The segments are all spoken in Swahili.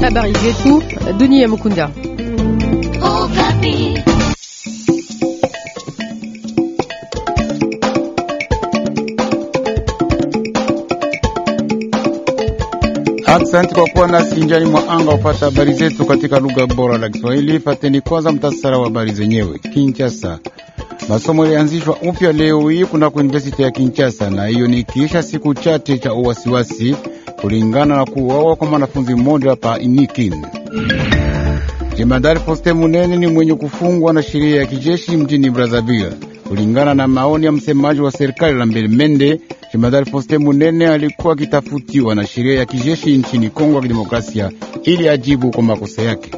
Habari zetu Dunia Asante kwa kuwa nasi njani mwa anga upata habari zetu katika lugha bora la Kiswahili. Pateni kwanza mtasara wa habari zenyewe. Kinshasa, masomo yalianzishwa upya leo hii kunako University ya Kinshasa, na hiyo ni kiisha siku chache cha uwasiwasi kulingana na kuuawa kwa mwanafunzi mmoja pa Inikin. Jemadari Foste Munene ni mwenye kufungwa na sheria ya kijeshi mjini Brazzaville. Kulingana na maoni ya msemaji wa serikali Lambert Mende, jemadari Foste Munene alikuwa akitafutiwa na sheria ya kijeshi nchini Kongo ya Kidemokrasia ili ajibu kwa makosa yake.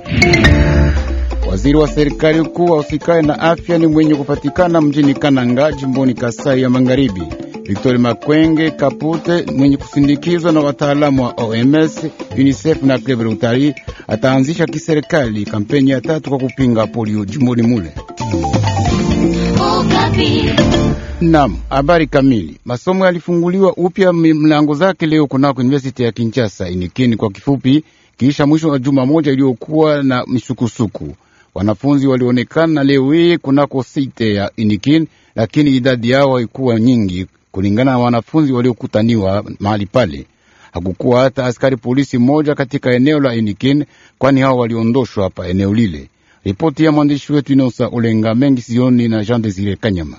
Waziri wa serikali kuu wa usikae na afya ni mwenye kupatikana mjini Kananga, jimboni Kasai ya Magharibi. Victor Makwenge Kapute mwenye kusindikizwa na wataalamu wa OMS, UNICEF na Kleber Utari ataanzisha kiserikali kampeni ya tatu kwa kupinga polio jimboni mule. Naam, habari kamili. Masomo yalifunguliwa upya mlango zake leo kunako University ya Kinshasa inikini kwa kifupi, kisha mwisho wa juma moja iliyokuwa na misukusuku. Wanafunzi walionekana leo hii kunako site ya Inikin, lakini idadi yao haikuwa nyingi Kulingana na wanafunzi waliokutaniwa mahali pale, hakukuwa hata askari polisi moja katika eneo la Inikin, kwani hao waliondoshwa hapa eneo lile. Ripoti ya mwandishi wetu Inosa Ulenga Mengi Sioni na Jean Desire Kanyama.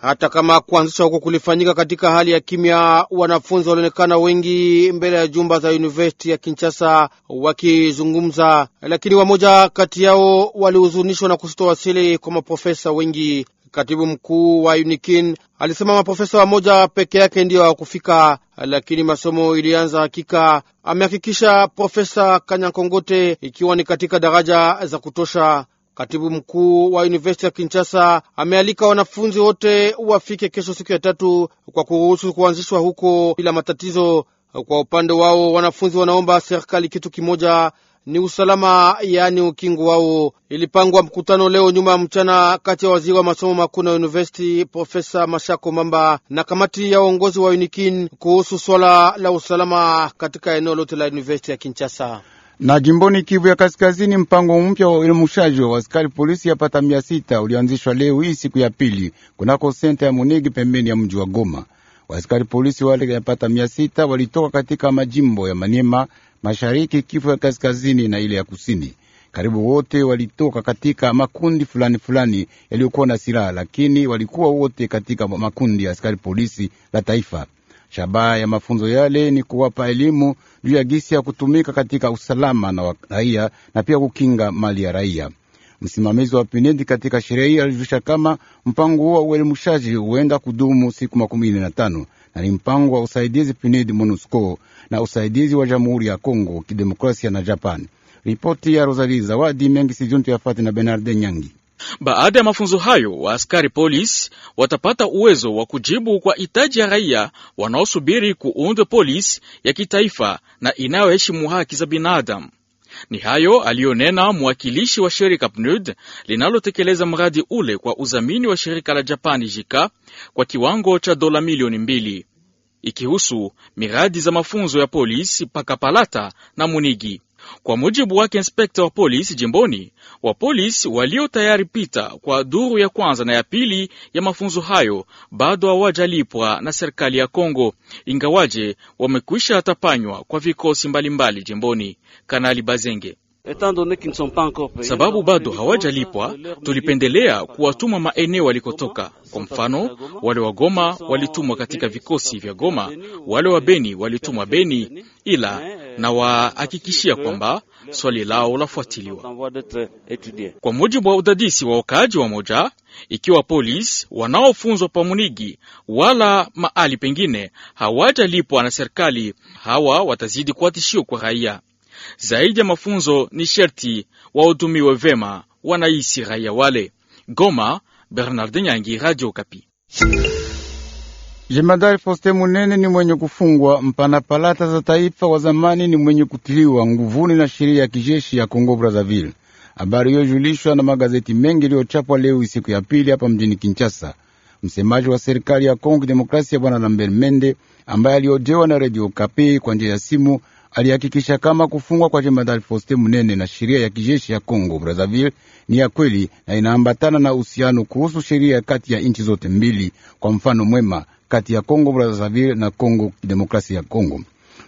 Hata kama kuanzisha huko kulifanyika katika hali ya kimya, wanafunzi walionekana wengi mbele ya jumba za universiti ya Kinshasa wakizungumza, lakini wamoja kati yao walihuzunishwa na kusitowasili kwa maprofesa wengi. Katibu mkuu wa UNIKIN alisema maprofesa wamoja peke yake ndiyo hawakufika, lakini masomo ilianza hakika. Amehakikisha Profesa Kanyakongote, ikiwa ni katika daraja za kutosha. Katibu mkuu wa universiti ya Kinshasa amealika wanafunzi wote wafike kesho, siku ya tatu, kwa kuruhusu kuanzishwa huko bila matatizo. Kwa upande wao, wanafunzi wanaomba serikali kitu kimoja ni usalama, yaani ukingo wao. Ilipangwa mkutano leo nyuma ya mchana kati ya waziri wa masomo makuu na university Profesa Mashako Mamba na kamati ya uongozi wa UNIKIN kuhusu swala la usalama katika eneo lote la university ya Kinshasa na jimboni Kivu ya Kaskazini, mpango mpya wa uelimushaji wa askari polisi yapata mia sita ulianzishwa leo hii siku ya pili kunako senta ya Munigi pembeni ya mji wa Goma. Waaskari polisi wale yapata mia sita walitoka katika majimbo ya Maniema, mashariki, Kivu ya kaskazini na ile ya kusini. Karibu wote walitoka katika makundi fulani fulani yaliyokuwa na silaha, lakini walikuwa wote katika makundi ya askari polisi la taifa. Shabaha ya mafunzo yale ni kuwapa elimu juu ya gisi ya kutumika katika usalama na raia na pia kukinga mali ya raia. Msimamizi wa pinedi katika sherehe hii alijulisha kama mpango huo wa uelimushaji huenda kudumu siku makumi ine na tano na ni mpango wa usaidizi pinedi MONUSCO na usaidizi wa Jamhuri ya Kongo Kidemokrasia na Japani. Ripoti ya Rosali Zawadi Mengi Sijuntu Yafati na Benarde Nyangi. Baada ya mafunzo hayo, waaskari polisi watapata uwezo wa kujibu kwa hitaji ya raia wanaosubiri kuundwe polisi ya kitaifa na inayoheshimu haki za binadamu. Ni hayo aliyonena mwakilishi wa shirika PNUD linalotekeleza mradi ule kwa udhamini wa shirika la Japani JICA kwa kiwango cha dola milioni mbili ikihusu miradi za mafunzo ya polisi Pakapalata na Munigi. Kwa mujibu wake inspekta wa polisi jimboni, wa polisi walio tayari pita kwa duru ya kwanza na ya pili ya mafunzo hayo bado hawajalipwa na serikali ya Kongo, ingawaje wamekwisha tapanywa kwa vikosi mbalimbali jimboni. Kanali Bazenge sababu bado hawajalipwa, euh, tulipendelea kuwatuma maeneo walikotoka. Kwa mfano, wale wa Goma walitumwa katika vikosi vya Goma, wale wa Beni walitumwa Beni, ila eh, eh, na eh, kwamba swali lao lafuatiliwa kwa mujibu wa udadisi wa wakaaji wa moja. Ikiwa polisi wanaofunzwa pa Munigi wala maali pengine hawajalipwa na serikali, hawa watazidi kuwa tishio kwa raia. Zaidi ya mafunzo, ni sherti wahudumiwe vema wanaisi raia wale. Goma, Bernard Nyangi, Radio Kapi. Jemadari Foste Munene ni mwenye kufungwa. Mpana palata za taifa wa zamani ni mwenye kutiliwa nguvuni na sheria ya kijeshi ya Kongo brazaville Habari hiyo julishwa na magazeti mengi iliyochapwa leo siku ya pili hapa mjini Kinshasa. Msemaji wa serikali ya Kongo Demokrasia Bwana Lambert Mende ambaye aliojewa na redio Kapi kwa njia ya simu alihakikisha kama kufungwa kwa jemadari Foste Munene na sheria ya kijeshi ya Kongo brazaville ni ya kweli na inaambatana na uhusiano kuhusu sheria kati ya nchi zote mbili, kwa mfano mwema kati ya Kongo brazaville na Kongo Demokrasia ya Kongo.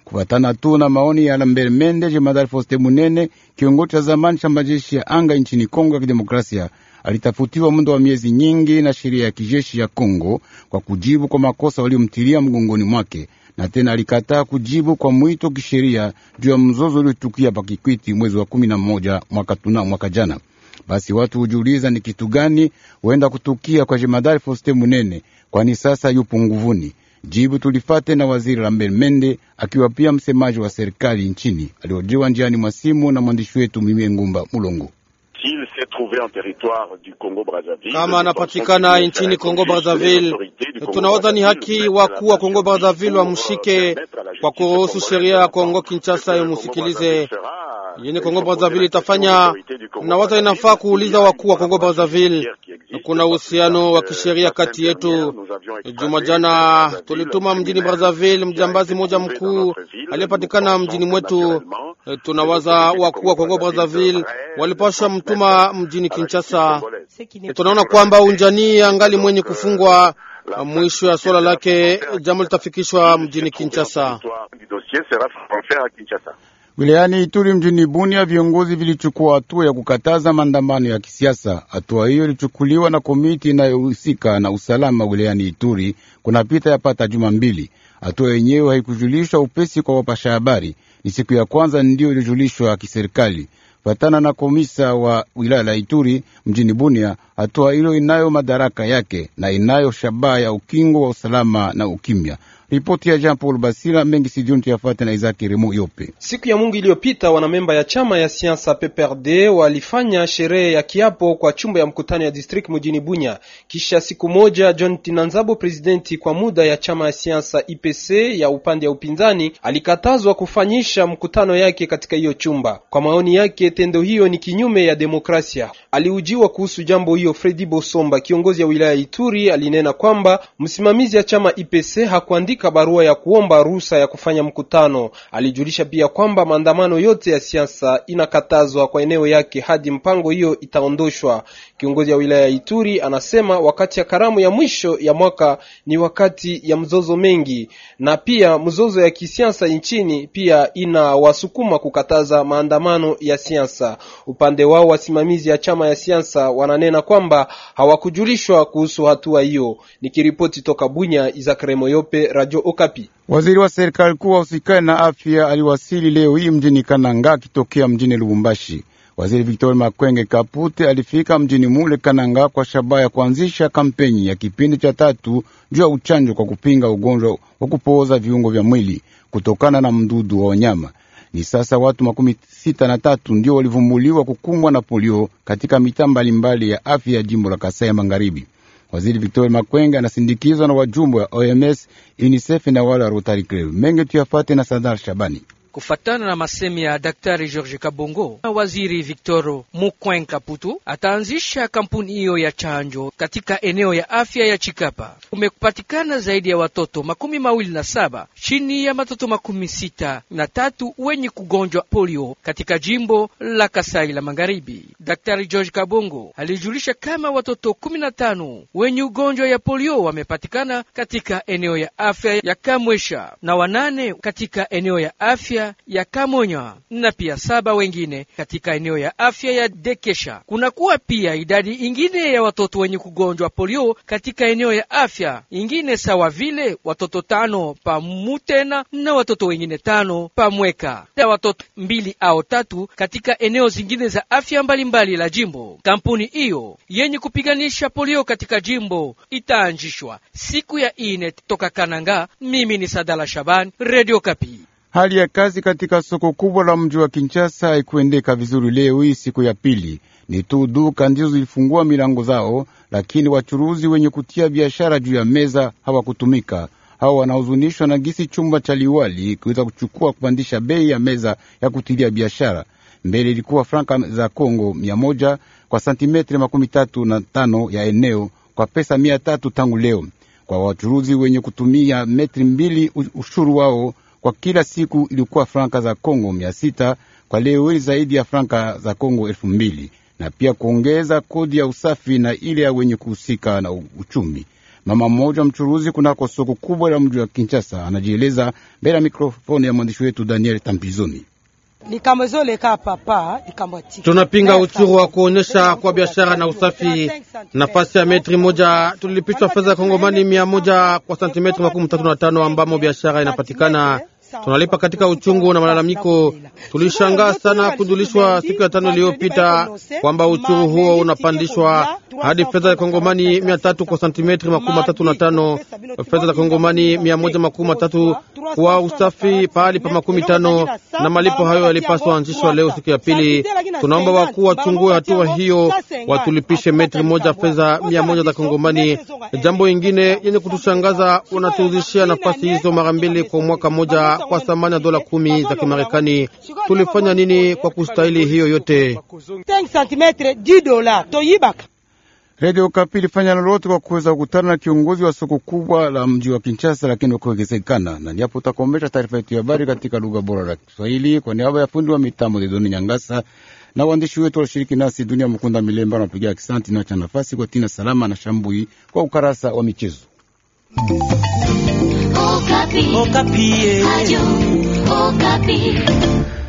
Kufatana tu na maoni ya Lambert Mende, jemadari Foste Munene, kiongozi cha zamani cha majeshi ya anga nchini Kongo ya Kidemokrasia, alitafutiwa muda wa miezi nyingi na sheria ya kijeshi ya Kongo kwa kujibu kwa makosa waliomtilia mgongoni mwake, na tena alikataa kujibu kwa mwito kisheria juu ya mzozo uliotukia Pakikwiti mwezi wa kumi na moja mwaka tuna mwaka jana. Basi watu hujiuliza ni kitu gani huenda kutukia kwa jemadari Foste Munene, kwani sasa yupo nguvuni. Jibu tulifate na waziri Lambert Mende akiwa pia msemaji wa serikali nchini, aliojiwa njiani mwa simu na mwandishi wetu Mimie Ngumba Mulongo trouvé en territoire du Congo Brazzaville. Kama anapatikana nchini Congo Brazzaville, tunawaza ni haki wakuu wa Congo Brazzaville euh, wamshike kwa kuruhusu sheria ya Kongo Kinshasa imusikilize yenye Kongo Brazzaville itafanya na waza, inafaa kuuliza wakuu wa Kongo Brazzaville. Kuna uhusiano wa kisheria kati yetu. Juma jana tulituma mjini Brazzaville mjambazi mmoja mkuu aliyepatikana mjini mwetu. Tunawaza wakuu wa Kongo Brazzaville walipashwa mtuma mjini Kinshasa. Tunaona kwamba unjani angali mwenye kufungwa mwisho ya swala lake jambo litafikishwa mjini Kinshasa. Wilayani Ituri mjini Bunia, viongozi vilichukua hatua ya kukataza maandamano ya kisiasa. Hatua hiyo ilichukuliwa na komiti inayohusika na usalama wilayani Ituri kunapita yapata juma mbili. Hatua yenyewe haikujulishwa upesi kwa wapasha habari, ni siku ya kwanza ndiyo ilijulishwa kiserikali. Fatana na komisa wa wilaya la Ituri mjini Bunia, hatua hilo inayo madaraka yake na inayo shabaha ya ukingo wa usalama na ukimya. Ripoti ya Jean Paul Basila mengi sidioni tuyafate na Izaki Remo Yope. Siku ya Mungu iliyopita wanamemba ya chama ya siasa PPRD walifanya sherehe ya kiapo kwa chumba ya mkutano ya district mjini Bunya. Kisha siku moja, John Tinanzabo, presidenti kwa muda ya chama ya siasa IPC ya upande ya upinzani, alikatazwa kufanyisha mkutano yake katika hiyo chumba. Kwa maoni yake, tendo hiyo ni kinyume ya demokrasia. Aliujiwa kuhusu jambo hiyo, Fredi Bosomba, kiongozi ya wilaya Ituri, alinena kwamba msimamizi ya chama IPC hakuandika kuandika barua ya kuomba ruhusa ya kufanya mkutano. Alijulisha pia kwamba maandamano yote ya siasa inakatazwa kwa eneo yake hadi mpango hiyo itaondoshwa. Kiongozi wa wilaya ya Ituri anasema wakati ya karamu ya mwisho ya mwaka ni wakati ya mzozo mengi, na pia mzozo ya kisiasa nchini pia inawasukuma kukataza maandamano ya siasa. Upande wao wasimamizi ya chama ya siasa wananena kwamba hawakujulishwa kuhusu hatua hiyo. Nikiripoti toka Bunya, Izakare Moyope. Radio Okapi. Waziri wa serikali kuu wa usikani na afya aliwasili leo hii mjini Kananga akitokea mjini Lubumbashi. Waziri Victor Makwenge Kapute alifika mjini mule Kananga kwa shabaha ya kuanzisha kampeni ya kipindi cha tatu juu ya uchanjo kwa kupinga ugonjwa wa kupooza viungo vya mwili kutokana na mdudu wa wanyama. Ni sasa watu makumi sita na tatu ndio walivumbuliwa kukumbwa na polio katika mitaa mbalimbali ya afya ya jimbo la Kasai ya Magharibi. Waziri Victor Makwenge anasindikizwa na wajumbe wa OMS, UNICEF na wale wa Rotary Club. Mengi tuyafate na Sadar Shabani. Kufatana na masemi ya Daktari George Kabongo na Waziri Victor Mukwen Kaputu, ataanzisha kampuni hiyo ya chanjo katika eneo ya afya ya Chikapa. Kumekupatikana zaidi ya watoto makumi mawili na saba chini ya matoto makumi sita na tatu wenye kugonjwa polio katika jimbo la Kasai la Magharibi. Daktari George Kabongo alijulisha kama watoto kumi na tano wenye ugonjwa ya polio wamepatikana katika eneo ya afya ya Kamwesha na wanane katika eneo ya afya ya Kamonya na pia saba wengine katika eneo ya afya ya Dekesha. Kunakuwa pia idadi ingine ya watoto wenye kugonjwa polio katika eneo ya afya ingine sawa vile watoto tano pa Mutena na watoto wengine tano pa Mweka na watoto mbili au tatu katika eneo zingine za afya mbalimbali mbali la jimbo. Kampuni hiyo yenye kupiganisha polio katika jimbo itaanzishwa siku ya ine toka Kananga. Mimi ni Sadala Shaban, Radio Kapi. Hali ya kazi katika soko kubwa la mji wa Kinshasa haikuendeka vizuri leo hii, siku ya pili. Ni tu duka ndizo zilifungua milango zao, lakini wachuruzi wenye kutia biashara juu ya meza hawakutumika. Hao wanahuzunishwa na gisi chumba cha liwali kiweza kuchukua kupandisha bei ya meza ya kutilia biashara. Mbele ilikuwa franka za Kongo mia moja kwa santimetri makumi tatu na tano ya eneo kwa pesa mia tatu tangu leo. Kwa wachuruzi wenye kutumia metri mbili ushuru wao kwa kila siku ilikuwa franka za Kongo mia sita kwa leo ni zaidi ya franka za Kongo elfu mbili na pia kuongeza kodi ya usafi na ile ya wenye kuhusika na uchumi. Mama mmoja mchuruzi kunako soko kubwa la mji wa Kinshasa anajieleza mbele ya mikrofoni ya mwandishi wetu Daniel Tambizoni. Tunapinga uchuru wa kuonyesha kwa biashara na usafi. Nafasi ya metri moja tulilipishwa fedha ya kongomani mia moja kwa santimetri makumi tatu na tano ambamo biashara inapatikana tunalipa katika uchungu na malalamiko. Tulishangaa sana kujulishwa siku ya tano iliyopita kwamba uchuru huo unapandishwa hadi fedha za kongomani mia tatu kwa santimetri makumi matatu na tano fedha za kongomani mia moja makumi matatu kwa usafi pahali pa makumi tano na malipo hayo yalipaswa anzishwa leo siku ya pili. Tunaomba wakuu wachungue hatua hiyo watulipishe metri moja fedha mia moja za Kongomani. Jambo ingine yenye kutushangaza, wanatuuzishia nafasi hizo mara mbili kwa mwaka moja kwa thamani ya dola kumi za Kimarekani. Tulifanya nini kwa kustahili hiyo yote? Redio Kapi ilifanya lolote kwa kuweza kukutana na kiongozi wa soko kubwa la mji wa Kinshasa, lakini wakuwezekana na niapo utakomesha taarifa yetu ya habari katika lugha bora la Kiswahili. Kwa niaba ya fundi wa mitambo Zidoni Nyangasa na waandishi wetu walishiriki nasi. Dunia Mukunda Milemba kisanti na inaocha nafasi kwa Tina Salama na Shambui kwa ukarasa wa michezo Okapi. Okapi. Eh.